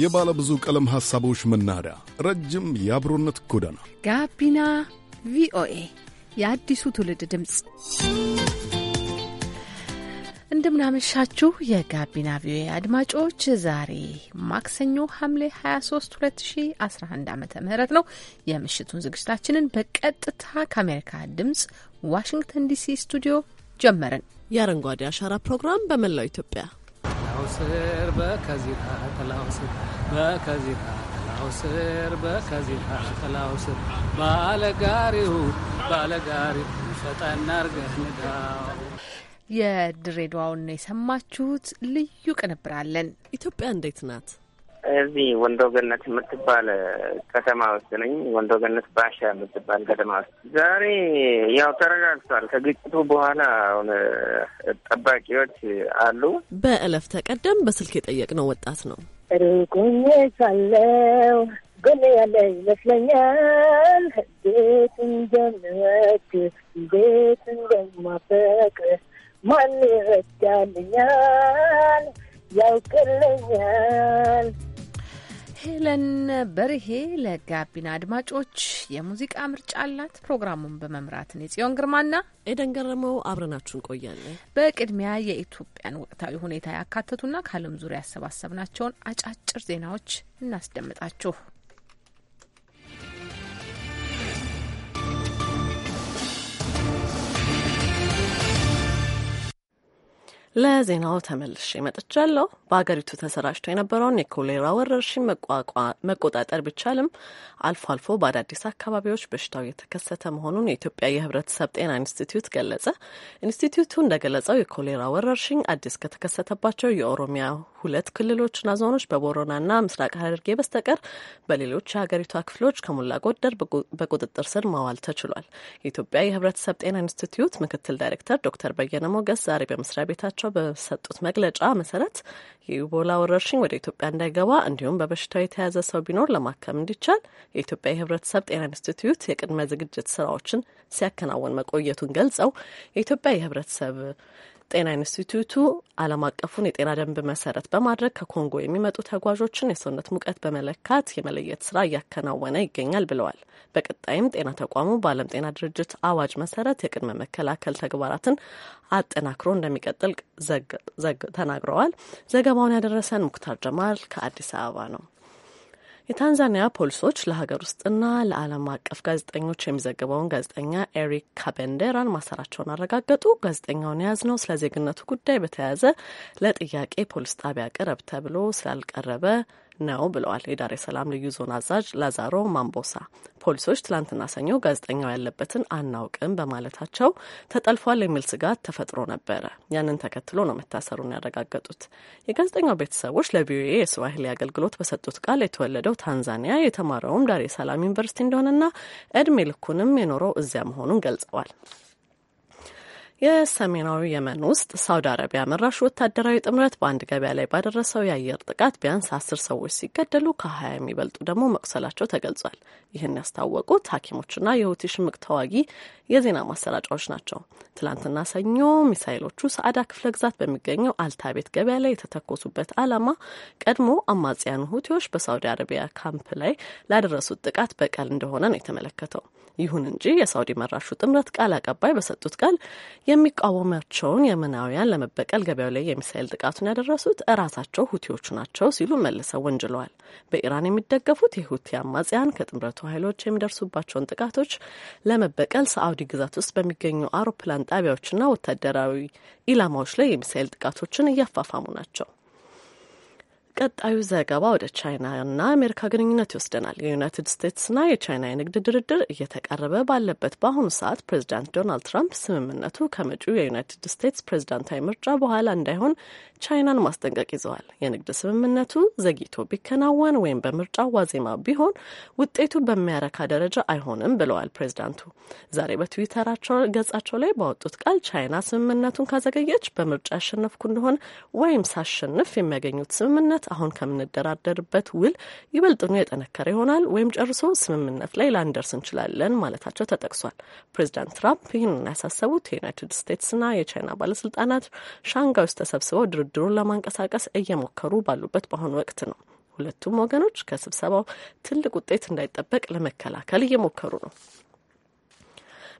የባለ ብዙ ቀለም ሐሳቦች መናኸሪያ፣ ረጅም የአብሮነት ጎዳና ጋቢና ቪኦኤ የአዲሱ ትውልድ ድምፅ። እንደምናመሻችሁ የጋቢና ቪኦኤ አድማጮች፣ ዛሬ ማክሰኞ ሐምሌ 23 2011 ዓ ም ነው። የምሽቱን ዝግጅታችንን በቀጥታ ከአሜሪካ ድምፅ ዋሽንግተን ዲሲ ስቱዲዮ ጀመርን። የአረንጓዴ አሻራ ፕሮግራም በመላው ኢትዮጵያ ጥላው ስር በከዚራ ጥላው ስር በከዚራ ጥላው ስር በከዚራ ጥላው ስር ባለጋሪው ባለጋሪው ፈጠን አርገህ ንዳው። የድሬዳዋውን ነው የሰማችሁት። ልዩ ቅንብር አለን። ኢትዮጵያ እንዴት ናት? እዚህ ወንዶ ገነት የምትባል ከተማ ውስጥ ነኝ። ወንዶ ገነት ባሻ የምትባል ከተማ ውስጥ ዛሬ ያው ተረጋግቷል። ከግጭቱ በኋላ አሁን ጠባቂዎች አሉ። በእለፍ ተቀደም በስልክ የጠየቅነው ወጣት ነው። ርጉኝ ሳለው ጎን ያለ ይመስለኛል። እንዴት እንደምወድ እንዴት እንደማፈቅር ማን ይረዳልኛል? ያውቅልኛል ሄለን በርሄ ለጋቢና አድማጮች የሙዚቃ ምርጫ አላት። ፕሮግራሙን በመምራትን ጽዮን ግርማና ኤደን ገረመው አብረናችሁ እንቆያለን። በቅድሚያ የኢትዮጵያን ወቅታዊ ሁኔታ ያካተቱና ከዓለም ዙሪያ ያሰባሰብናቸውን አጫጭር ዜናዎች እናስደምጣችሁ። ለዜናው ተመልሼ መጥቻለሁ። በሀገሪቱ ተሰራጭቶ የነበረውን የኮሌራ ወረርሽኝ መቆጣጠር ቢቻልም አልፎ አልፎ በአዳዲስ አካባቢዎች በሽታው የተከሰተ መሆኑን የኢትዮጵያ የሕብረተሰብ ጤና ኢንስቲትዩት ገለጸ። ኢንስቲትዩቱ እንደገለጸው የኮሌራ ወረርሽኝ አዲስ ከተከሰተባቸው የኦሮሚያ ሁለት ክልሎችና ዞኖች በቦሮናና ምስራቅ ሐረርጌ በስተቀር በሌሎች የሀገሪቷ ክፍሎች ከሞላ ጎደር በቁጥጥር ስር ማዋል ተችሏል። የኢትዮጵያ የህብረተሰብ ጤና ኢንስቲትዩት ምክትል ዳይሬክተር ዶክተር በየነ ሞገስ ዛሬ በመስሪያ ቤታቸው በሰጡት መግለጫ መሰረት የኢቦላ ወረርሽኝ ወደ ኢትዮጵያ እንዳይገባ እንዲሁም በበሽታው የተያዘ ሰው ቢኖር ለማከም እንዲቻል የኢትዮጵያ የህብረተሰብ ጤና ኢንስቲትዩት የቅድመ ዝግጅት ስራዎችን ሲያከናወን መቆየቱን ገልጸው የኢትዮጵያ የህብረተሰብ ጤና ኢንስቲትዩቱ ዓለም አቀፉን የጤና ደንብ መሰረት በማድረግ ከኮንጎ የሚመጡ ተጓዦችን የሰውነት ሙቀት በመለካት የመለየት ስራ እያከናወነ ይገኛል ብለዋል። በቀጣይም ጤና ተቋሙ በዓለም ጤና ድርጅት አዋጅ መሰረት የቅድመ መከላከል ተግባራትን አጠናክሮ እንደሚቀጥል ተናግረዋል። ዘገባውን ያደረሰን ሙክታር ጀማል ከአዲስ አበባ ነው። የታንዛኒያ ፖሊሶች ለሀገር ውስጥና ለዓለም አቀፍ ጋዜጠኞች የሚዘግበውን ጋዜጠኛ ኤሪክ ካቤንዴራን ማሰራቸውን አረጋገጡ። ጋዜጠኛውን የያዝነው ስለ ዜግነቱ ጉዳይ በተያያዘ ለጥያቄ ፖሊስ ጣቢያ ቅረብ ተብሎ ስላልቀረበ ነው ብለዋል የዳሬ ሰላም ልዩ ዞን አዛዥ ላዛሮ ማምቦሳ። ፖሊሶች ትላንትና ሰኞ ጋዜጠኛው ያለበትን አናውቅም በማለታቸው ተጠልፏል የሚል ስጋት ተፈጥሮ ነበረ። ያንን ተከትሎ ነው መታሰሩን ያረጋገጡት። የጋዜጠኛው ቤተሰቦች ለቪኦኤ የስዋሂሊ አገልግሎት በሰጡት ቃል የተወለደው ታንዛኒያ የተማረውም ዳሬ ሰላም ዩኒቨርሲቲ እንደሆነና እድሜ ልኩንም የኖረው እዚያ መሆኑን ገልጸዋል። የሰሜናዊ የመን ውስጥ ሳውዲ አረቢያ መራሽ ወታደራዊ ጥምረት በአንድ ገበያ ላይ ባደረሰው የአየር ጥቃት ቢያንስ አስር ሰዎች ሲገደሉ ከሀያ የሚበልጡ ደግሞ መቁሰላቸው ተገልጿል። ይህን ያስታወቁት ሐኪሞችና የሁቲ ሽምቅ ተዋጊ የዜና ማሰራጫዎች ናቸው። ትላንትና ሰኞ ሚሳይሎቹ ሰአዳ ክፍለ ግዛት በሚገኘው አልታቤት ገበያ ላይ የተተኮሱበት ዓላማ ቀድሞ አማጽያኑ ሁቲዎች በሳውዲ አረቢያ ካምፕ ላይ ላደረሱት ጥቃት በቀል እንደሆነ ነው የተመለከተው። ይሁን እንጂ የሳውዲ መራሹ ጥምረት ቃል አቀባይ በሰጡት ቃል የሚቃወማቸውን የመናውያን ለመበቀል ገበያው ላይ የሚሳኤል ጥቃቱን ያደረሱት እራሳቸው ሁቲዎቹ ናቸው ሲሉ መልሰው ወንጅለዋል። በኢራን የሚደገፉት የሁቲ አማጽያን ከጥምረቱ ኃይሎች የሚደርሱባቸውን ጥቃቶች ለመበቀል ሳዑዲ ግዛት ውስጥ በሚገኙ አውሮፕላን ጣቢያዎችና ወታደራዊ ኢላማዎች ላይ የሚሳኤል ጥቃቶችን እያፋፋሙ ናቸው። ቀጣዩ ዘገባ ወደ ቻይና ና አሜሪካ ግንኙነት ይወስደናል። የዩናይትድ ስቴትስና የቻይና የንግድ ድርድር እየተቃረበ ባለበት በአሁኑ ሰዓት ፕሬዚዳንት ዶናልድ ትራምፕ ስምምነቱ ከመጪው የዩናይትድ ስቴትስ ፕሬዚዳንታዊ ምርጫ በኋላ እንዳይሆን ቻይናን ማስጠንቀቅ ይዘዋል። የንግድ ስምምነቱ ዘግይቶ ቢከናወን ወይም በምርጫው ዋዜማ ቢሆን ውጤቱ በሚያረካ ደረጃ አይሆንም ብለዋል ፕሬዚዳንቱ። ዛሬ በትዊተራቸው ገጻቸው ላይ ባወጡት ቃል ቻይና ስምምነቱን ካዘገየች በምርጫ ያሸነፍኩ እንደሆነ ወይም ሳሸንፍ የሚያገኙት ስምምነት አሁን ከምንደራደርበት ውል ይበልጥኑ የጠነከረ ይሆናል ወይም ጨርሶ ስምምነት ላይ ላንደርስ እንችላለን ማለታቸው ተጠቅሷል። ፕሬዚዳንት ትራምፕ ይህንን ያሳሰቡት የዩናይትድ ስቴትስና የቻይና ባለስልጣናት ሻንጋይ ውስጥ ተሰብስበው ድርድ ድርድሩን ለማንቀሳቀስ እየሞከሩ ባሉበት በአሁኑ ወቅት ነው። ሁለቱም ወገኖች ከስብሰባው ትልቅ ውጤት እንዳይጠበቅ ለመከላከል እየሞከሩ ነው።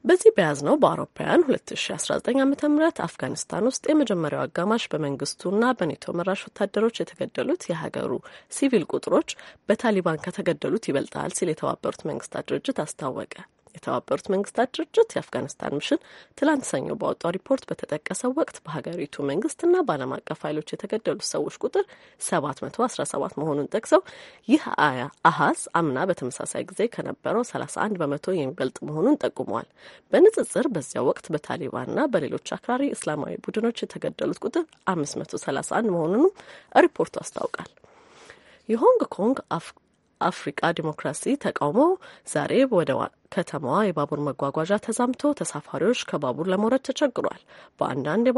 በዚህ በያዝ ነው በአውሮፓውያን 2019 ዓ ም አፍጋኒስታን ውስጥ የመጀመሪያው አጋማሽ በመንግስቱና በኔቶ መራሽ ወታደሮች የተገደሉት የሀገሩ ሲቪል ቁጥሮች በታሊባን ከተገደሉት ይበልጣል ሲል የተባበሩት መንግስታት ድርጅት አስታወቀ። የተባበሩት መንግስታት ድርጅት የአፍጋኒስታን ሚሽን ትላንት ሰኞ ባወጣው ሪፖርት በተጠቀሰው ወቅት በሀገሪቱ መንግስትና በዓለም አቀፍ ኃይሎች የተገደሉት ሰዎች ቁጥር ሰባት መሆኑን ጠቅሰው ይህ አሃዝ አምና በተመሳሳይ ጊዜ ከነበረው አንድ በመቶ የሚበልጥ መሆኑን ጠቁመዋል። በንጽጽር በዚያ ወቅት በታሊባንና በሌሎች አክራሪ እስላማዊ ቡድኖች የተገደሉት ቁጥር አንድ መሆኑንም ሪፖርቱ አስታውቃል። የሆንግ ኮንግ አፍሪቃ ዲሞክራሲ ተቃውሞ ዛሬ ወደ ከተማዋ የባቡር መጓጓዣ ተዛምቶ ተሳፋሪዎች ከባቡር ለመውረድ ተቸግሯል። በአንዳንድ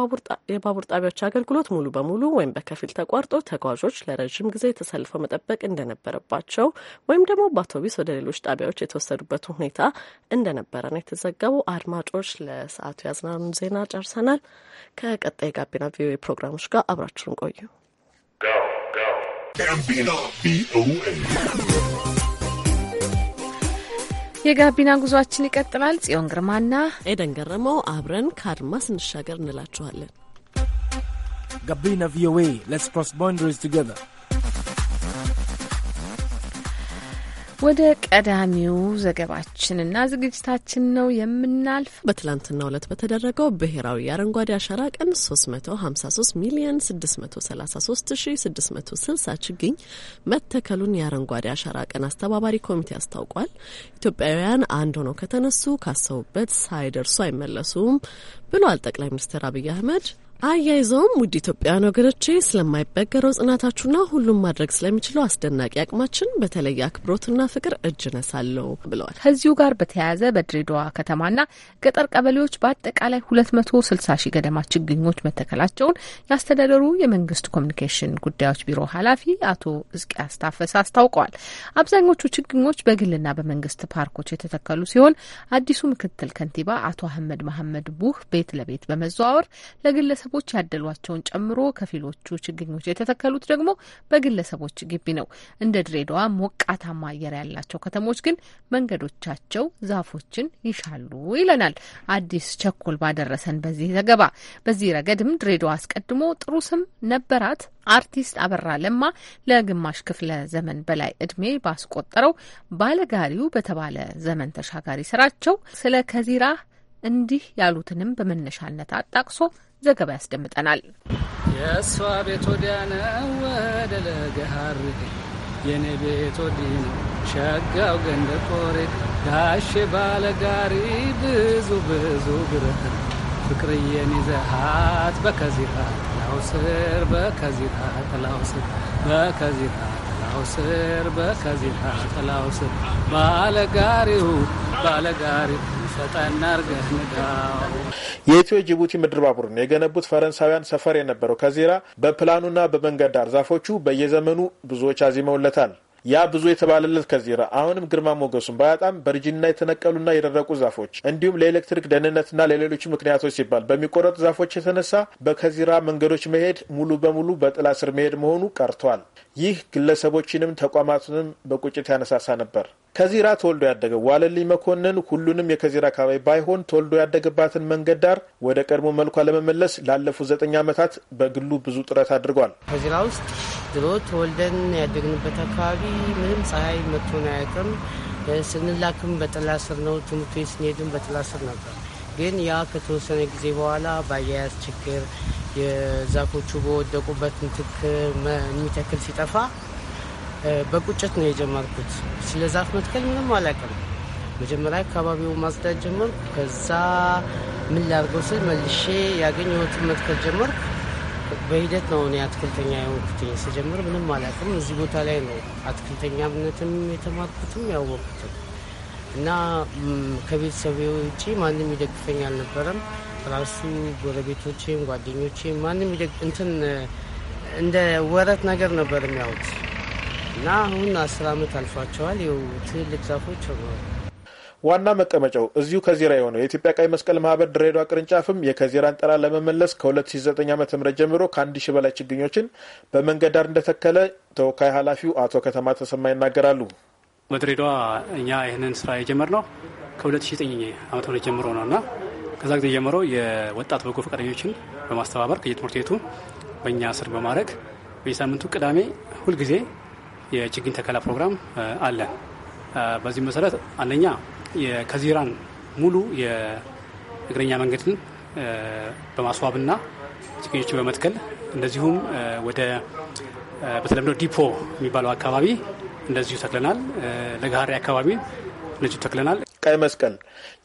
የባቡር ጣቢያዎች አገልግሎት ሙሉ በሙሉ ወይም በከፊል ተቋርጦ ተጓዦች ለረዥም ጊዜ ተሰልፈው መጠበቅ እንደነበረባቸው ወይም ደግሞ በአውቶቢስ ወደ ሌሎች ጣቢያዎች የተወሰዱበት ሁኔታ እንደነበረ ነው የተዘገቡ። አድማጮች ለሰዓቱ ያዝናኑን ዜና ጨርሰናል። ከቀጣይ ጋቢና ቪኦኤ ፕሮግራሞች ጋር አብራችሁን ቆዩ። ጋቢና ቪኦኤ የጋቢና ጉዟችን ይቀጥላል። ጽዮን ግርማና ኤደን ገረመው አብረን ከአድማስ እንሻገር እንላችኋለን። ጋቢና ቪኦኤ ሌትስ ክሮስ ባውንደሪስ ቱጌዘር ወደ ቀዳሚው ዘገባችንና ዝግጅታችን ነው የምናልፍ። በትላንትናው ዕለት በተደረገው ብሔራዊ የአረንጓዴ አሻራ ቀን 353 ሚሊዮን 633660 ችግኝ መተከሉን የአረንጓዴ አሻራ ቀን አስተባባሪ ኮሚቴ አስታውቋል። ኢትዮጵያውያን አንድ ሆነው ከተነሱ ካሰቡበት ሳይደርሱ አይመለሱም ብሏል ጠቅላይ ሚኒስትር አብይ አህመድ። አያይዘውም ውድ ኢትዮጵያውያን ወገኖቼ ስለማይበገረው ጽናታችሁና ሁሉም ማድረግ ስለሚችለው አስደናቂ አቅማችን በተለየ አክብሮትና ፍቅር እጅ ነሳለሁ ብለዋል። ከዚሁ ጋር በተያያዘ በድሬዳዋ ከተማና ገጠር ቀበሌዎች በአጠቃላይ ሁለት መቶ ስልሳ ሺህ ገደማ ችግኞች መተከላቸውን የአስተዳደሩ የመንግስት ኮሚኒኬሽን ጉዳዮች ቢሮ ኃላፊ አቶ እዝቅያስ ታፈሰ አስታውቀዋል። አብዛኞቹ ችግኞች በግልና በመንግስት ፓርኮች የተተከሉ ሲሆን አዲሱ ምክትል ከንቲባ አቶ አህመድ መሐመድ ቡህ ቤት ለቤት በመዘዋወር ለግለሰብ ግለሰቦች ያደሏቸውን ጨምሮ ከፊሎቹ ችግኞች የተተከሉት ደግሞ በግለሰቦች ግቢ ነው። እንደ ድሬዳዋ ሞቃታማ አየር ያላቸው ከተሞች ግን መንገዶቻቸው ዛፎችን ይሻሉ ይለናል አዲስ ቸኮል ባደረሰን በዚህ ዘገባ። በዚህ ረገድም ድሬዳዋ አስቀድሞ ጥሩ ስም ነበራት። አርቲስት አበራ ለማ ለግማሽ ክፍለ ዘመን በላይ እድሜ ባስቆጠረው ባለጋሪው በተባለ ዘመን ተሻጋሪ ስራቸው ስለ ከዚራ እንዲህ ያሉትንም በመነሻነት አጣቅሶ ዘገባ ያስደምጠናል። የእሷ ቤት ወዲያ ነው ወደ ለገሃር የኔ ቤት ወዲህ ነው ሸጋው ገንደ ቆሬ ጋሼ ባለጋሪ ብዙ ብዙ ግረት ፍቅርዬን ይዘሃት በከዚራ ጥላው ስር በከዚራ ጥላው ስር በከዚራ ጥላው ስር በከዚሃ ጥላው ስር ባለጋሪው ባለጋሪው የኢትዮ ጅቡቲ ምድር ባቡርን የገነቡት ፈረንሳውያን ሰፈር የነበረው ከዚራ በፕላኑና በመንገድ ዳር ዛፎቹ በየዘመኑ ብዙዎች አዚመውለታል። ያ ብዙ የተባለለት ከዚራ አሁንም ግርማ ሞገሱን በጣም በእርጅና የተነቀሉና የደረቁ ዛፎች እንዲሁም ለኤሌክትሪክ ደህንነትና ለሌሎች ምክንያቶች ሲባል በሚቆረጡ ዛፎች የተነሳ በከዚራ መንገዶች መሄድ ሙሉ በሙሉ በጥላ ስር መሄድ መሆኑ ቀርቷል። ይህ ግለሰቦችንም ተቋማቱንም በቁጭት ያነሳሳ ነበር። ከዚራ ተወልዶ ያደገው ዋለልኝ መኮንን ሁሉንም የከዚራ አካባቢ ባይሆን ተወልዶ ያደገባትን መንገድ ዳር ወደ ቀድሞ መልኳ ለመመለስ ላለፉት ዘጠኝ ዓመታት በግሉ ብዙ ጥረት አድርጓል። ከዚራ ውስጥ ድሮ ተወልደን ያደግንበት አካባቢ ምንም ፀሐይ መቶን አያውቅም። ስንላክም በጥላ ስር ነው። ትምህርት ቤት ስንሄድም በጥላ ስር ነበር። ግን ያ ከተወሰነ ጊዜ በኋላ በአያያዝ ችግር የዛፎቹ በወደቁበት ምትክ የሚተክል ሲጠፋ በቁጭት ነው የጀመርኩት። ስለ ዛፍ መትከል ምንም አላውቅም። መጀመሪያ አካባቢው ማጽዳት ጀመርኩ። ከዛ ምን ላድርገው ስል መልሼ ያገኘሁትን መትከል ጀመርኩ። በሂደት ነው እኔ አትክልተኛ የሆንኩት። ስጀምር ምንም አላውቅም። እዚህ ቦታ ላይ ነው አትክልተኛነትም የተማርኩትም ያወቅኩትም እና ከቤተሰብ ውጭ ማንም ይደግፈኝ አልነበረም። ራሱ ጎረቤቶቼም ጓደኞቼም ማንም እንትን እንደ ወረት ነገር ነበር የሚያዩት። እና አሁን አስር ዓመት አልፏቸዋል። ይኸው ትልቅ ዛፎች ሆነዋል። ዋና መቀመጫው እዚሁ ከዜራ የሆነው የኢትዮጵያ ቀይ መስቀል ማህበር ድሬዳዋ ቅርንጫፍም የከዜራን ጠራ ለመመለስ ከ2009 ዓ ም ጀምሮ ከ1 ሺ በላይ ችግኞችን በመንገድ ዳር እንደተከለ ተወካይ ኃላፊው አቶ ከተማ ተሰማ ይናገራሉ። በድሬዳዋ እኛ ይህንን ስራ የጀመርነው ከ2009 ዓ ም ጀምሮ ነው እና ከዛ ጊዜ ጀምሮ የወጣት በጎ ፈቃደኞችን በማስተባበር ከየትምህርት ቤቱ በእኛ ስር በማድረግ በየሳምንቱ ቅዳሜ ሁልጊዜ የችግኝ ተከላ ፕሮግራም አለን። በዚህ መሰረት አንደኛ ከዚራን ሙሉ የእግረኛ መንገድን በማስዋብና ችግኞችን በመትከል እንደዚሁም ወደ በተለምዶ ዲፖ የሚባለው አካባቢ እንደዚሁ ተክለናል። ለገሀሪ አካባቢ እንደዚሁ ተክለናል። ቀይ መስቀል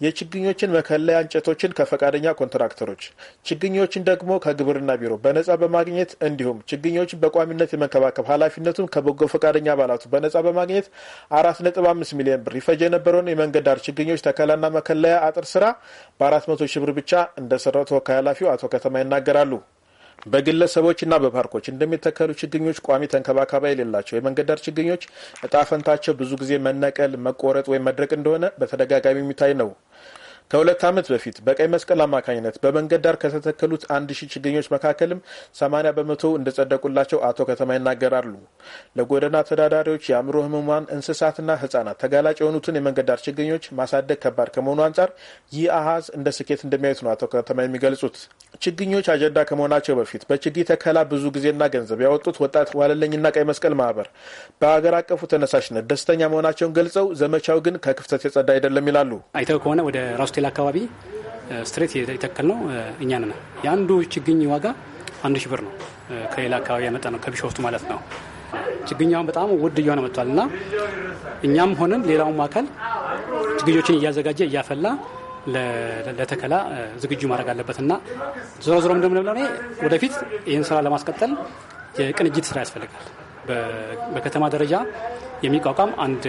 የችግኞችን መከለያ እንጨቶችን ከፈቃደኛ ኮንትራክተሮች፣ ችግኞችን ደግሞ ከግብርና ቢሮ በነጻ በማግኘት እንዲሁም ችግኞችን በቋሚነት የመንከባከብ ኃላፊነቱን ከበጎ ፈቃደኛ አባላቱ በነጻ በማግኘት አራት ነጥብ አምስት ሚሊዮን ብር ይፈጅ የነበረውን የመንገድ ዳር ችግኞች ተከላና መከለያ አጥር ስራ በአራት መቶ ሺህ ብር ብቻ እንደሰራው ተወካይ ኃላፊው አቶ ከተማ ይናገራሉ። በግለሰቦችና በፓርኮች እንደሚተከሉ ችግኞች ቋሚ ተንከባካባይ የሌላቸው የመንገድ ዳር ችግኞች እጣፈንታቸው ብዙ ጊዜ መነቀል፣ መቆረጥ ወይም መድረቅ እንደሆነ በተደጋጋሚ የሚታይ ነው። ከሁለት ዓመት በፊት በቀይ መስቀል አማካኝነት በመንገድ ዳር ከተተከሉት አንድ ሺህ ችግኞች መካከልም ሰማኒያ በመቶ እንደጸደቁላቸው አቶ ከተማ ይናገራሉ። ለጎዳና ተዳዳሪዎች፣ የአእምሮ ህሙማን፣ እንስሳትና ህጻናት ተጋላጭ የሆኑትን የመንገድ ዳር ችግኞች ማሳደግ ከባድ ከመሆኑ አንጻር ይህ አሀዝ እንደ ስኬት እንደሚያዩት ነው አቶ ከተማ የሚገልጹት። ችግኞች አጀንዳ ከመሆናቸው በፊት በችግኝ ተከላ ብዙ ጊዜና ገንዘብ ያወጡት ወጣት ዋለለኝና ቀይ መስቀል ማህበር በሀገር አቀፉ ተነሳሽነት ደስተኛ መሆናቸውን ገልጸው ዘመቻው ግን ከክፍተት የጸዳ አይደለም ይላሉ። አይተው ከሆነ ወደ ራሱ ሆቴል አካባቢ ስትሬት የተከል ነው እኛን ነ የአንዱ ችግኝ ዋጋ አንድ ሺ ብር ነው። ከሌላ አካባቢ ያመጣ ነው ከቢሾፍቱ ማለት ነው። ችግኛውን በጣም ውድ እየሆነ መጥቷል እና እኛም ሆንን ሌላውም አካል ችግኞችን እያዘጋጀ እያፈላ ለተከላ ዝግጁ ማድረግ አለበት እና ዞሮ ዞሮ እንደምንብለው ወደፊት ይህን ስራ ለማስቀጠል የቅንጅት ስራ ያስፈልጋል። በከተማ ደረጃ የሚቋቋም አንድ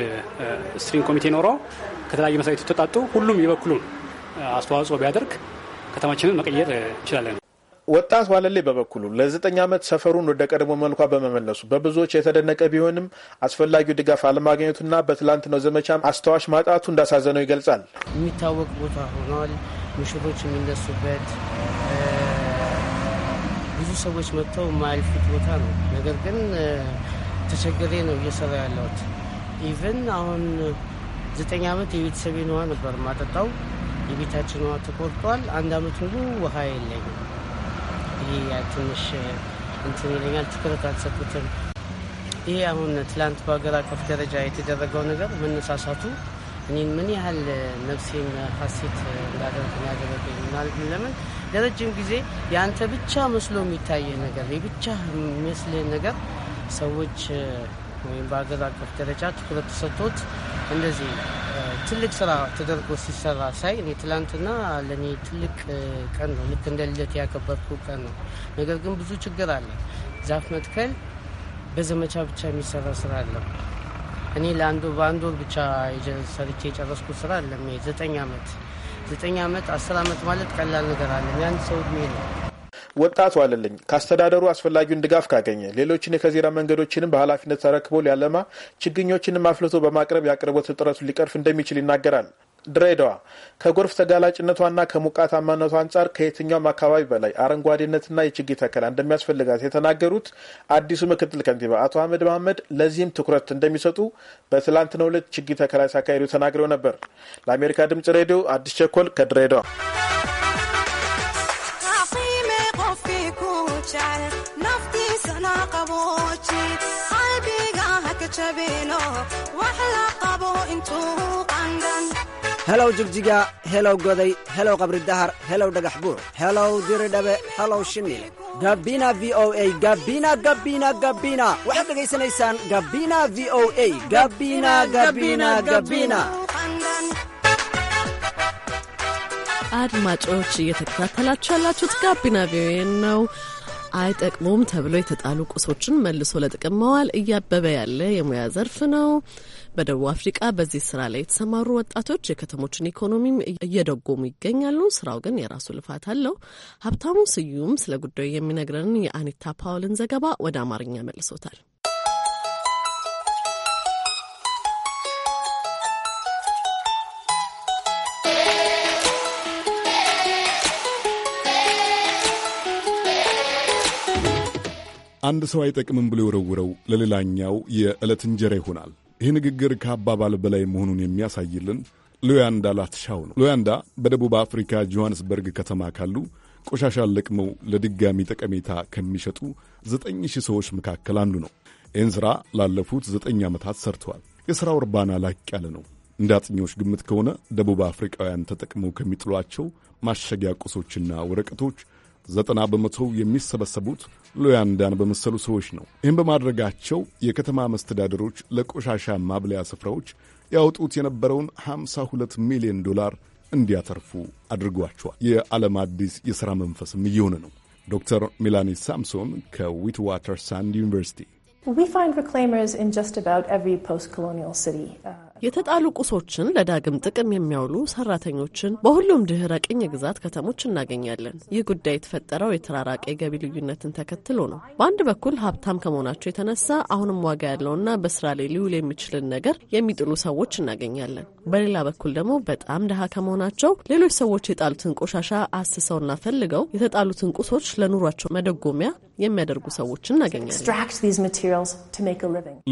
ስትሪንግ ኮሚቴ ኖሮ ከተለያዩ መስሪያ ቤቶች ተጣጡ ሁሉም የበኩሉን አስተዋጽኦ ቢያደርግ ከተማችንን መቀየር እንችላለን። ወጣት ዋለሌ በበኩሉ ለዘጠኝ ዓመት ሰፈሩን ወደ ቀድሞ መልኳ በመመለሱ በብዙዎች የተደነቀ ቢሆንም አስፈላጊው ድጋፍ አለማግኘቱና በትላንትናው ዘመቻ አስታዋሽ ማጣቱ እንዳሳዘነው ይገልጻል። የሚታወቅ ቦታ ሆኗል። ምሽቶች የሚነሱበት ብዙ ሰዎች መጥተው የማያልፉት ቦታ ነው። ነገር ግን ተቸገሬ ነው እየሰራ ያለሁት። ኢቨን አሁን ዘጠኝ ዓመት የቤተሰቤን ውሃ ነበር ማጠጣው የቤታችን ውሃ ተቆርጧል። አንድ አመት ሙሉ ውሃ የለኝም። ይህ ትንሽ እንትን ይለኛል፣ ትኩረት አልሰጡትም። ይህ አሁን ትላንት በሀገር አቀፍ ደረጃ የተደረገው ነገር መነሳሳቱ እኔን ምን ያህል ነፍሴን ሀሴት እንዳደረግ ያደረገኝ ማለት ለምን ለረጅም ጊዜ የአንተ ብቻ መስሎ የሚታይህ ነገር የብቻ የሚመስልህ ነገር ሰዎች ወይም በአገር አቀፍ ደረጃ ትኩረት ተሰጥቶት እንደዚህ ትልቅ ስራ ተደርጎ ሲሰራ ሳይ እኔ ትላንትና ለእኔ ትልቅ ቀን ነው። ልክ እንደ ልደት ያከበርኩ ቀን ነው። ነገር ግን ብዙ ችግር አለ። ዛፍ መትከል በዘመቻ ብቻ የሚሰራ ስራ አለ። እኔ ለአንዱ በአንድ ወር ብቻ ሰርቼ የጨረስኩ ስራ አለ። ዘጠኝ ዓመት ዘጠኝ ዓመት አስር ዓመት ማለት ቀላል ነገር አለ። የአንድ ሰው እድሜ ነው። ወጣቱ አለልኝ ከአስተዳደሩ አስፈላጊውን ድጋፍ ካገኘ ሌሎችን የከዜራ መንገዶችንም በኃላፊነት ተረክቦ ሊያለማ ችግኞችንም አፍልቶ በማቅረብ የአቅርቦት እጥረቱን ሊቀርፍ እንደሚችል ይናገራል። ድሬዳዋ ከጎርፍ ተጋላጭነቷና ከሙቃታማነቷ አንጻር ከየትኛውም አካባቢ በላይ አረንጓዴነትና የችግኝ ተከላ እንደሚያስፈልጋት የተናገሩት አዲሱ ምክትል ከንቲባ አቶ አህመድ መሀመድ ለዚህም ትኩረት እንደሚሰጡ በትላንትናው ዕለት ችግኝ ተከላ ሲያካሄዱ ተናግረው ነበር። ለአሜሪካ ድምጽ ሬዲዮ አዲስ ቸኮል ከድሬዳዋ شعر نفتي سنا قبوتي قلبي قاهك شبينو واحلى قبو انتو قندن helow jigjiga helow goday helow qabri dahar helow dhagax buur helow diridhabe helow shiniile gabina v o a gabina gabina gabina waxaad dhegaysanaysaan gabina v o a gabina gabina gabina አድማጮች እየተከታተላችሁ ያላችሁት ጋቢና ቪኦኤ ነው። አይጠቅሙም ተብሎ የተጣሉ ቁሶችን መልሶ ለጥቅም መዋል እያበበ ያለ የሙያ ዘርፍ ነው። በደቡብ አፍሪቃ በዚህ ስራ ላይ የተሰማሩ ወጣቶች የከተሞችን ኢኮኖሚም እየደጎሙ ይገኛሉ። ስራው ግን የራሱ ልፋት አለው። ሀብታሙ ስዩም ስለ ጉዳዩ የሚነግረንን የአኒታ ፓውልን ዘገባ ወደ አማርኛ መልሶታል። አንድ ሰው አይጠቅምም ብሎ የወረውረው ለሌላኛው የዕለት እንጀራ ይሆናል። ይህ ንግግር ከአባባል በላይ መሆኑን የሚያሳይልን ሎያንዳ ላትሻው ነው። ሎያንዳ በደቡብ አፍሪካ ጆሐንስበርግ ከተማ ካሉ ቆሻሻን ለቅመው ለድጋሚ ጠቀሜታ ከሚሸጡ ዘጠኝ ሺህ ሰዎች መካከል አንዱ ነው። ይህን ሥራ ላለፉት ዘጠኝ ዓመታት ሰርተዋል። የሥራው እርባና ላቅ ያለ ነው። እንደ አጥኚዎች ግምት ከሆነ ደቡብ አፍሪካውያን ተጠቅመው ከሚጥሏቸው ማሸጊያ ቁሶችና ወረቀቶች ዘጠና በመቶው የሚሰበሰቡት ሎያንዳን በመሰሉ ሰዎች ነው። ይህም በማድረጋቸው የከተማ መስተዳደሮች ለቆሻሻ ማብለያ ስፍራዎች ያወጡት የነበረውን 52 ሚሊዮን ዶላር እንዲያተርፉ አድርጓቸዋል። የዓለም አዲስ የሥራ መንፈስም እየሆነ ነው። ዶክተር ሚላኒ ሳምሶን ከዊት ሳንድ ዩኒቨርሲቲ We find reclaimers in just about every post-colonial city. Uh... የተጣሉ ቁሶችን ለዳግም ጥቅም የሚያውሉ ሰራተኞችን በሁሉም ድህረ ቅኝ ግዛት ከተሞች እናገኛለን። ይህ ጉዳይ የተፈጠረው የተራራቀ የገቢ ልዩነትን ተከትሎ ነው። በአንድ በኩል ሀብታም ከመሆናቸው የተነሳ አሁንም ዋጋ ያለውና በስራ ላይ ሊውል የሚችልን ነገር የሚጥሉ ሰዎች እናገኛለን። በሌላ በኩል ደግሞ በጣም ድሃ ከመሆናቸው ሌሎች ሰዎች የጣሉትን ቆሻሻ አስሰውና ፈልገው የተጣሉትን ቁሶች ለኑሯቸው መደጎሚያ የሚያደርጉ ሰዎች እናገኛለን።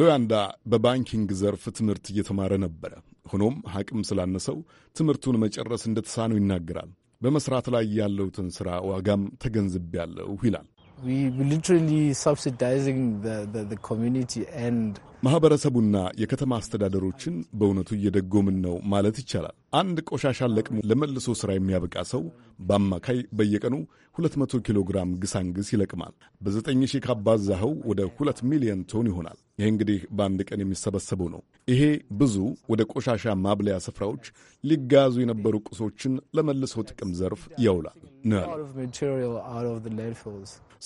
ሎያንዳ በባንኪንግ ዘርፍ ትምህርት እየተማረ ነበረ። ሆኖም አቅም ስላነሰው ትምህርቱን መጨረስ እንደተሳነው ይናገራል። በመስራት ላይ ያለውትን ስራ ዋጋም ተገንዝቤያለሁ ይላል። ማህበረሰቡና የከተማ አስተዳደሮችን በእውነቱ እየደጎምን ነው ማለት ይቻላል። አንድ ቆሻሻን ለቅሞ ለመልሶ ሥራ የሚያበቃ ሰው በአማካይ በየቀኑ 200 ኪሎ ግራም ግሳንግስ ይለቅማል። በ9 ሺህ ካባዛኸው ወደ 2 ሚሊዮን ቶን ይሆናል። ይህ እንግዲህ በአንድ ቀን የሚሰበሰበው ነው። ይሄ ብዙ ወደ ቆሻሻ ማብለያ ስፍራዎች ሊጋዙ የነበሩ ቁሶችን ለመልሰው ጥቅም ዘርፍ ያውላል ነው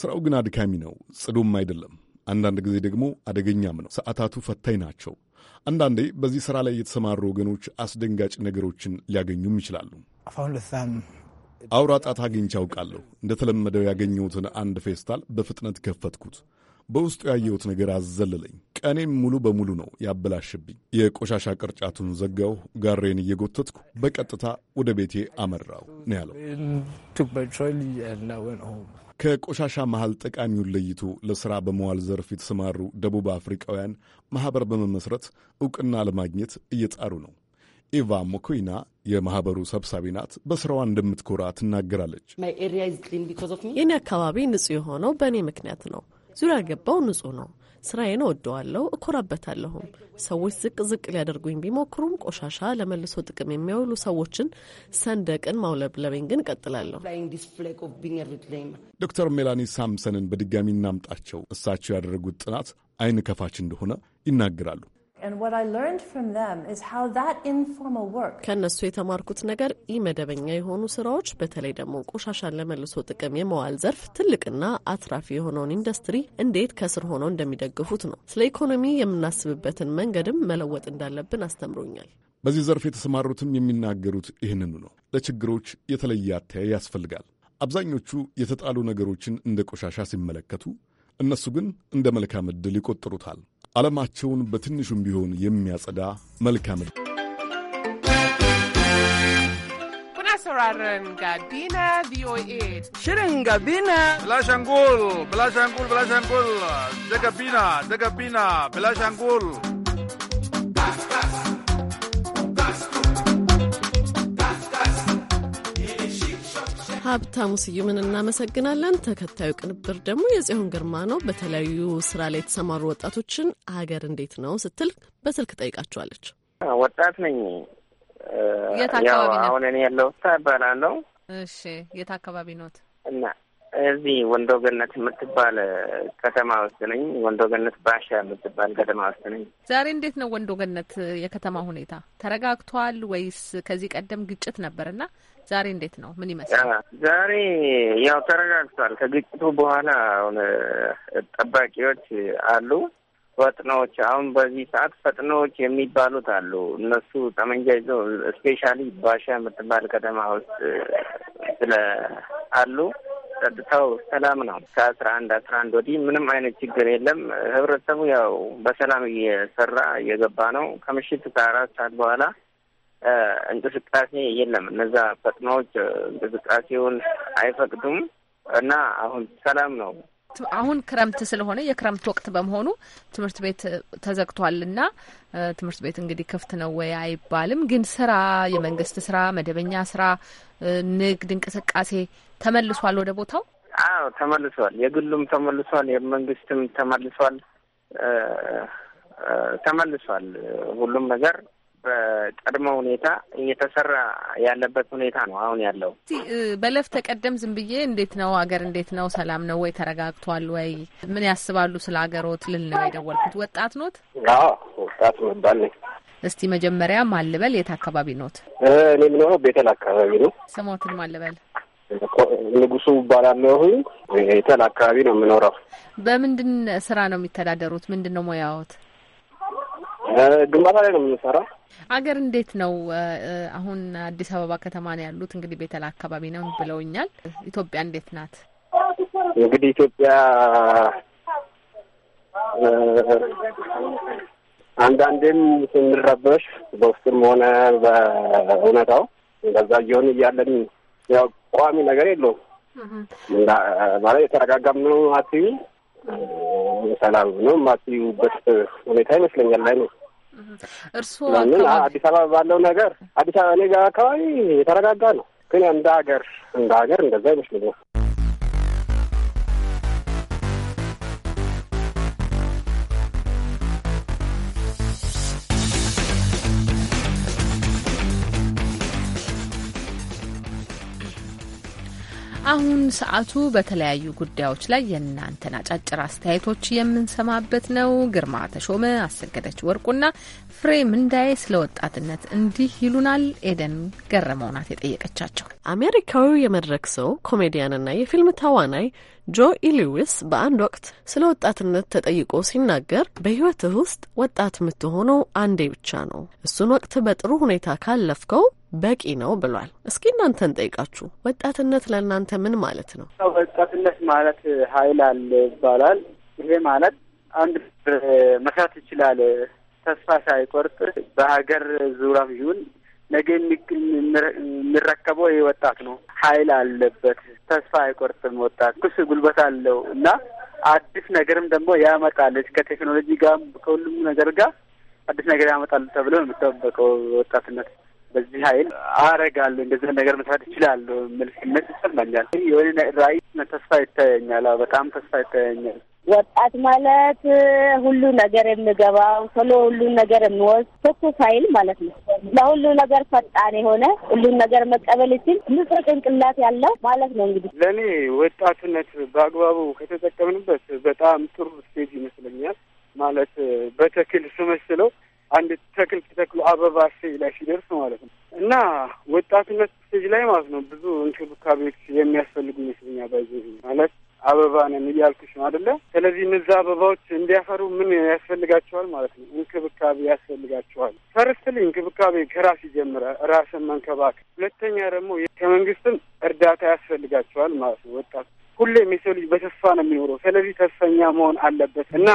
ስራው ግን አድካሚ ነው፣ ጽዱም አይደለም። አንዳንድ ጊዜ ደግሞ አደገኛም ነው። ሰዓታቱ ፈታኝ ናቸው። አንዳንዴ በዚህ ሥራ ላይ የተሰማሩ ወገኖች አስደንጋጭ ነገሮችን ሊያገኙም ይችላሉ። አውራ ጣት አግኝቼ አውቃለሁ። እንደተለመደው ያገኘሁትን አንድ ፌስታል በፍጥነት ከፈትኩት። በውስጡ ያየሁት ነገር አዘለለኝ። ቀኔም ሙሉ በሙሉ ነው ያበላሽብኝ። የቆሻሻ ቅርጫቱን ዘጋው ጋሬን እየጎተትኩ በቀጥታ ወደ ቤቴ አመራሁ ነው ያለው። ከቆሻሻ መሃል ጠቃሚውን ለይቶ ለሥራ በመዋል ዘርፍ የተሰማሩ ደቡብ አፍሪካውያን ማኅበር በመመስረት ዕውቅና ለማግኘት እየጣሩ ነው። ኢቫ ሞኮይና የማኅበሩ ሰብሳቢ ናት። በሥራዋ እንደምትኮራ ትናገራለች። የኔ አካባቢ ንጹህ የሆነው በእኔ ምክንያት ነው። ዙሪያ ገባው ንጹህ ነው። ስራዬን እወደዋለሁ፣ እኮራበታለሁም። ሰዎች ዝቅ ዝቅ ሊያደርጉኝ ቢሞክሩም ቆሻሻ ለመልሶ ጥቅም የሚያውሉ ሰዎችን ሰንደቅን ማውለብለቤን ግን ቀጥላለሁ። ዶክተር ሜላኒ ሳምሰንን በድጋሚ እናምጣቸው። እሳቸው ያደረጉት ጥናት አይን ከፋች እንደሆነ ይናገራሉ። ከእነሱ የተማርኩት ነገር ኢመደበኛ የሆኑ ስራዎች በተለይ ደግሞ ቆሻሻን ለመልሶ ጥቅም የመዋል ዘርፍ ትልቅና አትራፊ የሆነውን ኢንዱስትሪ እንዴት ከስር ሆነው እንደሚደግፉት ነው። ስለ ኢኮኖሚ የምናስብበትን መንገድም መለወጥ እንዳለብን አስተምሮኛል። በዚህ ዘርፍ የተሰማሩትም የሚናገሩት ይህንኑ ነው። ለችግሮች የተለየ አተያይ ያስፈልጋል። አብዛኞቹ የተጣሉ ነገሮችን እንደ ቆሻሻ ሲመለከቱ፣ እነሱ ግን እንደ መልካም ዕድል ይቆጥሩታል። ዓለማቸውን በትንሹም ቢሆን የሚያጸዳ መልካም ሽርን ጋቢና ብላሻንጉል ብላሻንጉል ብላሻንጉል ዘጋቢና ዘጋቢና ብላሻንጉል ሀብታሙ ስዩምን እናመሰግናለን። ተከታዩ ቅንብር ደግሞ የጽዮን ግርማ ነው። በተለያዩ ስራ ላይ የተሰማሩ ወጣቶችን አገር እንዴት ነው ስትል በስልክ ጠይቃቸዋለች። ወጣት ነኝ። የት አካባቢ ነው? አሁን እኔ ያለሁት እባላለሁ። እሺ፣ የት አካባቢ ነት? እና እዚህ ወንዶ ገነት የምትባል ከተማ ውስጥ ነኝ። ወንዶ ገነት ባሻ የምትባል ከተማ ውስጥ ነኝ። ዛሬ እንዴት ነው ወንዶ ገነት የከተማ ሁኔታ? ተረጋግቷል ወይስ ከዚህ ቀደም ግጭት ነበርና ዛሬ እንዴት ነው? ምን ይመስላል? ዛሬ ያው ተረጋግቷል። ከግጭቱ በኋላ አሁን ጠባቂዎች አሉ፣ ፈጥኖዎች። አሁን በዚህ ሰዓት ፈጥኖዎች የሚባሉት አሉ። እነሱ ጠመንጃ ይዘው ስፔሻሊ ባሻ የምትባል ከተማ ውስጥ ስለ አሉ ጸጥታው ሰላም ነው። ከአስራ አንድ አስራ አንድ ወዲህ ምንም አይነት ችግር የለም። ህብረተሰቡ ያው በሰላም እየሰራ እየገባ ነው። ከምሽት ከአራት ሰዓት በኋላ እንቅስቃሴ የለም። እነዛ ፈጥኖዎች እንቅስቃሴውን አይፈቅዱም እና አሁን ሰላም ነው። አሁን ክረምት ስለሆነ የክረምት ወቅት በመሆኑ ትምህርት ቤት ተዘግቷል እና ትምህርት ቤት እንግዲህ ክፍት ነው ወይ አይባልም። ግን ስራ፣ የመንግስት ስራ፣ መደበኛ ስራ፣ ንግድ እንቅስቃሴ ተመልሷል ወደ ቦታው። አዎ ተመልሷል። የግሉም ተመልሷል፣ የመንግስትም ተመልሷል ተመልሷል። ሁሉም ነገር በቀድሞ ሁኔታ እየተሰራ ያለበት ሁኔታ ነው አሁን ያለው። በለፍ ተቀደም ዝም ብዬ እንዴት ነው አገር እንዴት ነው ሰላም ነው ወይ ተረጋግቷል ወይ ምን ያስባሉ ስለ ሀገሮት ልል ነው የደወልኩት። ወጣት ኖት? አዎ ወጣት ወዳለ እስቲ መጀመሪያ ማልበል የት አካባቢ ኖት? እኔ የምኖረው ቤተል አካባቢ ነው። ስሞትን ማልበል ንጉሱ እባላለሁ። ቤተል አካባቢ ነው የምኖረው። በምንድን ስራ ነው የሚተዳደሩት? ምንድን ነው ሙያዎት? ግንባታ ላይ ነው የምንሰራው። አገር እንዴት ነው አሁን? አዲስ አበባ ከተማ ነው ያሉት እንግዲህ ቤተል አካባቢ ነው ብለውኛል። ኢትዮጵያ እንዴት ናት? እንግዲህ ኢትዮጵያ አንዳንዴም ስንረበሽ በውስጥም ሆነ በእውነታው እንደዛ እየሆን እያለን ያው ቋሚ ነገር የለውም ማለት የተረጋጋም ነው አትዩ ሰላም ነው አትዩበት ሁኔታ ይመስለኛል ላይ ነው እርስዎ አዲስ አበባ ባለው ነገር አዲስ አበባ እኔ ጋር አካባቢ የተረጋጋ ነው፣ ግን እንደ ሀገር እንደ ሀገር እንደዛ ይመስለኛል። አሁን ሰዓቱ በተለያዩ ጉዳዮች ላይ የእናንተን አጫጭር አስተያየቶች የምንሰማበት ነው። ግርማ ተሾመ፣ አሰገደች ወርቁና ፍሬም እንዳዬ ስለ ወጣትነት እንዲህ ይሉናል። ኤደን ገረመው ናት የጠየቀቻቸው። አሜሪካዊው የመድረክ ሰው ኮሜዲያንና የፊልም ተዋናይ ጆ ኢሊዊስ በአንድ ወቅት ስለ ወጣትነት ተጠይቆ ሲናገር በሕይወትህ ውስጥ ወጣት የምትሆነው አንዴ ብቻ ነው። እሱን ወቅት በጥሩ ሁኔታ ካለፍከው በቂ ነው ብሏል። እስኪ እናንተን ጠይቃችሁ ወጣትነት ለእናንተ ምን ማለት ነው? ወጣትነት ማለት ኃይል አለ ይባላል። ይሄ ማለት አንድ መስራት ይችላል ተስፋ ሳይቆርጥ በሀገር ዙሪያም ይሁን ነገ የሚረከበው ይህ ወጣት ነው። ኃይል አለበት፣ ተስፋ አይቆርጥም። ወጣት ክስ ጉልበት አለው እና አዲስ ነገርም ደግሞ ያመጣለች ከቴክኖሎጂ ጋር ከሁሉም ነገር ጋር አዲስ ነገር ያመጣል ተብሎ የሚጠበቀው ወጣትነት በዚህ ኃይል አረጋለሁ እንደዚህ ነገር መስራት ይችላሉ የሚል ስሜት ይሰማኛል። የሆነ ራዕይ ተስፋ ይታየኛል። በጣም ተስፋ ይታየኛል። ወጣት ማለት ሁሉ ነገር የምገባው ቶሎ ሁሉ ነገር የሚወስድ ትኩስ ኃይል ማለት ነው። ለሁሉ ነገር ፈጣን የሆነ ሁሉን ነገር መቀበል ይችል ንጹህ ጭንቅላት ያለው ማለት ነው። እንግዲህ ለእኔ ወጣትነት በአግባቡ ከተጠቀምንበት በጣም ጥሩ ስቴጅ ይመስለኛል። ማለት በተክል ስመስለው አንድ ተክል ሲተክሉ አበባ ላይ ሲደርስ ማለት ነው እና ወጣትነት ስቴጅ ላይ ማለት ነው ብዙ እንክብካቤዎች የሚያስፈልጉ ይመስለኛል። በዚ ማለት አበባ ነን እያልኩሽ ነው አደለ? ስለዚህ እነዚ አበባዎች እንዲያፈሩ ምን ያስፈልጋቸዋል ማለት ነው? እንክብካቤ ያስፈልጋቸዋል። ፈርስትሊ እንክብካቤ ከራስ ይጀምረ ራስን መንከባከብ። ሁለተኛ ደግሞ ከመንግስትም እርዳታ ያስፈልጋቸዋል ማለት ነው ወጣት ሁሌም የሰው ልጅ በተስፋ ነው የሚኖረው። ስለዚህ ተስፈኛ መሆን አለበት እና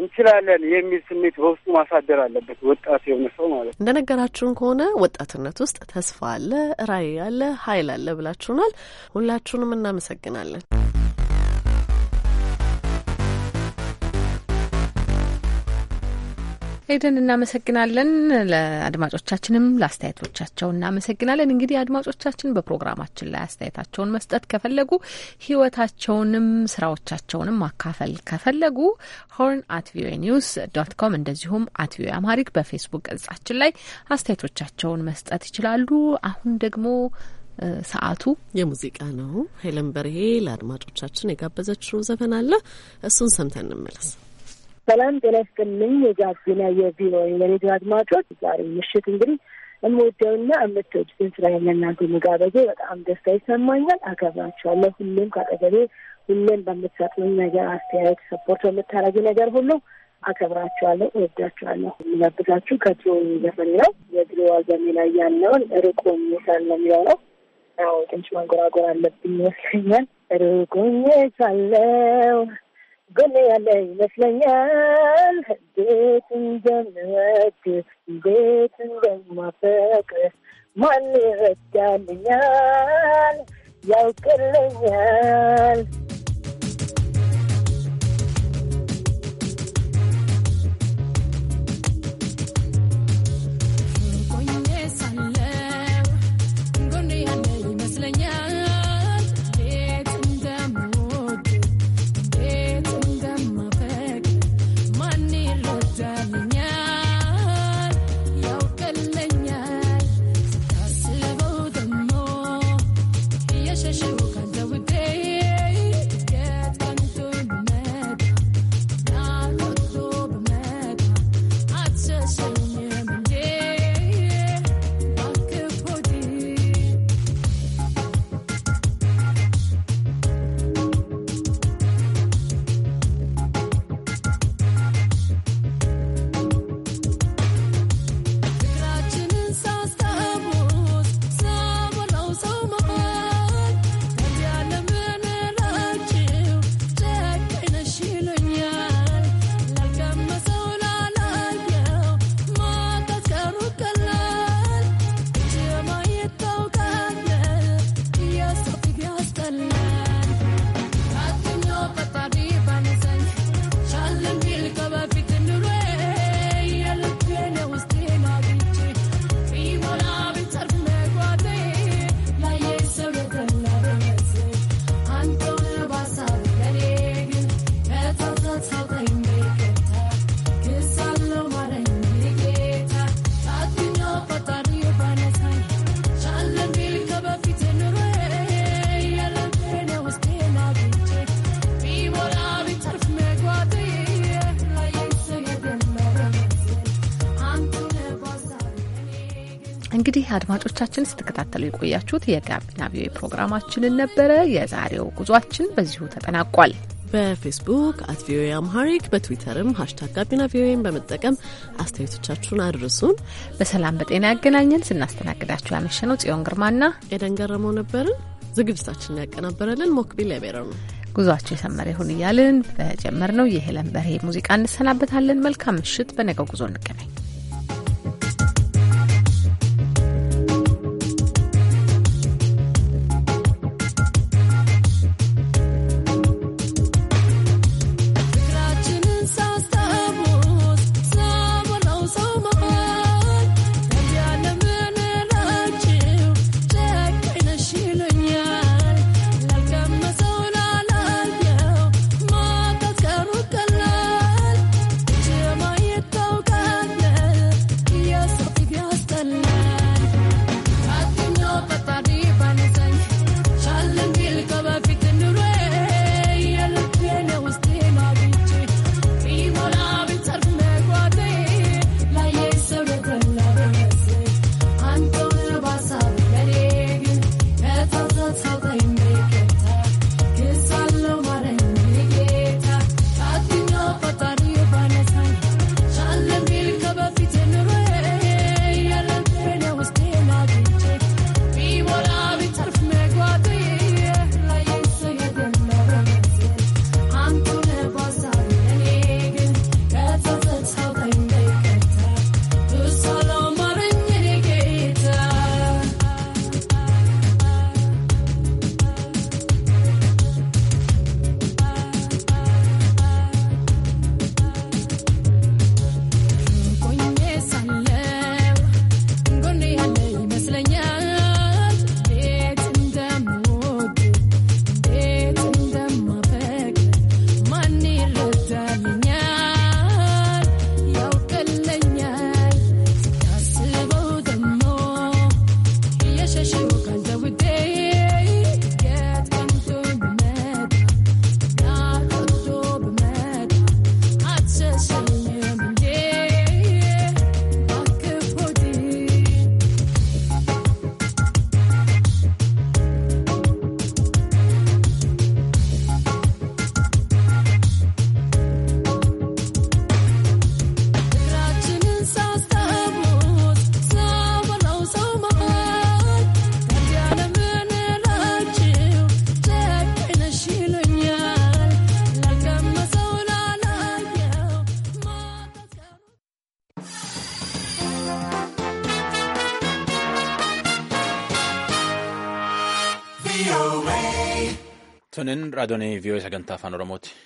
እንችላለን የሚል ስሜት በውስጡ ማሳደር አለበት ወጣት የሆነ ሰው ማለት ነው። እንደነገራችሁን ከሆነ ወጣትነት ውስጥ ተስፋ አለ፣ ራዕይ አለ፣ ኃይል አለ ብላችሁናል። ሁላችሁንም እናመሰግናለን። ኤደን እናመሰግናለን። ለአድማጮቻችንም ለአስተያየቶቻቸው እናመሰግናለን። እንግዲህ አድማጮቻችን በፕሮግራማችን ላይ አስተያየታቸውን መስጠት ከፈለጉ ህይወታቸውንም ስራዎቻቸውንም ማካፈል ከፈለጉ ሆርን አት ቪኦኤ ኒውስ ዶት ኮም እንደዚሁም አት ቪኦኤ አማሪክ በፌስቡክ ገጻችን ላይ አስተያየቶቻቸውን መስጠት ይችላሉ። አሁን ደግሞ ሰዓቱ የሙዚቃ ነው። ሄለን በርሄ ለአድማጮቻችን የጋበዘችው ዘፈን አለ። እሱን ሰምተን እንመለስ። ሰላም ጤና ይስጥልኝ። የጋቢና የቪኦኤ የሬዲዮ አድማጮች ዛሬ ምሽት እንግዲህ የምወደውና የምትወዱትን ስራ ለእናንተ መጋበዜ በጣም ደስታ ይሰማኛል። አከብራችኋለሁ። ሁሌም ካጠገቤ ሁሌም በምትሰጡኝ ነገር አስተያየት፣ ሰፖርት በምታረጊ ነገር ሁሉ አከብራችኋለሁ፣ እወዳችኋለሁ። የሚጋብዛችሁ ከድሮ ዘፈን ነው። የድሮ አልበሜ ላይ ያለውን ርቆኝ ነው የሚለው ነው። ያው ትንሽ መንጎራጎር አለብኝ ይመስለኛል። ርቆኝ ሳለው ጎን ያለ ይመስለኛል እንዴት እንደምወድ እንዴት እንደማፈቅር ማን ይረዳልኛል ያውቅልኛል አድማጮቻችን ስትከታተሉ የቆያችሁት የጋቢና ቪኦኤ ፕሮግራማችንን ነበረ። የዛሬው ጉዟችን በዚሁ ተጠናቋል። በፌስቡክ አት ቪኦኤ አምሃሪክ በትዊተርም ሀሽታግ ጋቢና ቪኦኤን በመጠቀም አስተያየቶቻችሁን አድርሱን። በሰላም በጤና ያገናኘን። ስናስተናግዳችሁ ያመሸነው ጽዮን ግርማና ኤደን ገረመው ነበርን። ዝግጅታችንን ያቀናበረልን ሞክቢል ያቤረ ነው። ጉዟቸው የሰመረ ይሁን እያልን በጀመርነው የሄለን በርሄ ሙዚቃ እንሰናበታለን። መልካም ምሽት። በነገው ጉዞ እንገናኝ። raadiyoon vii'oo e sagantaa afaan oromooti.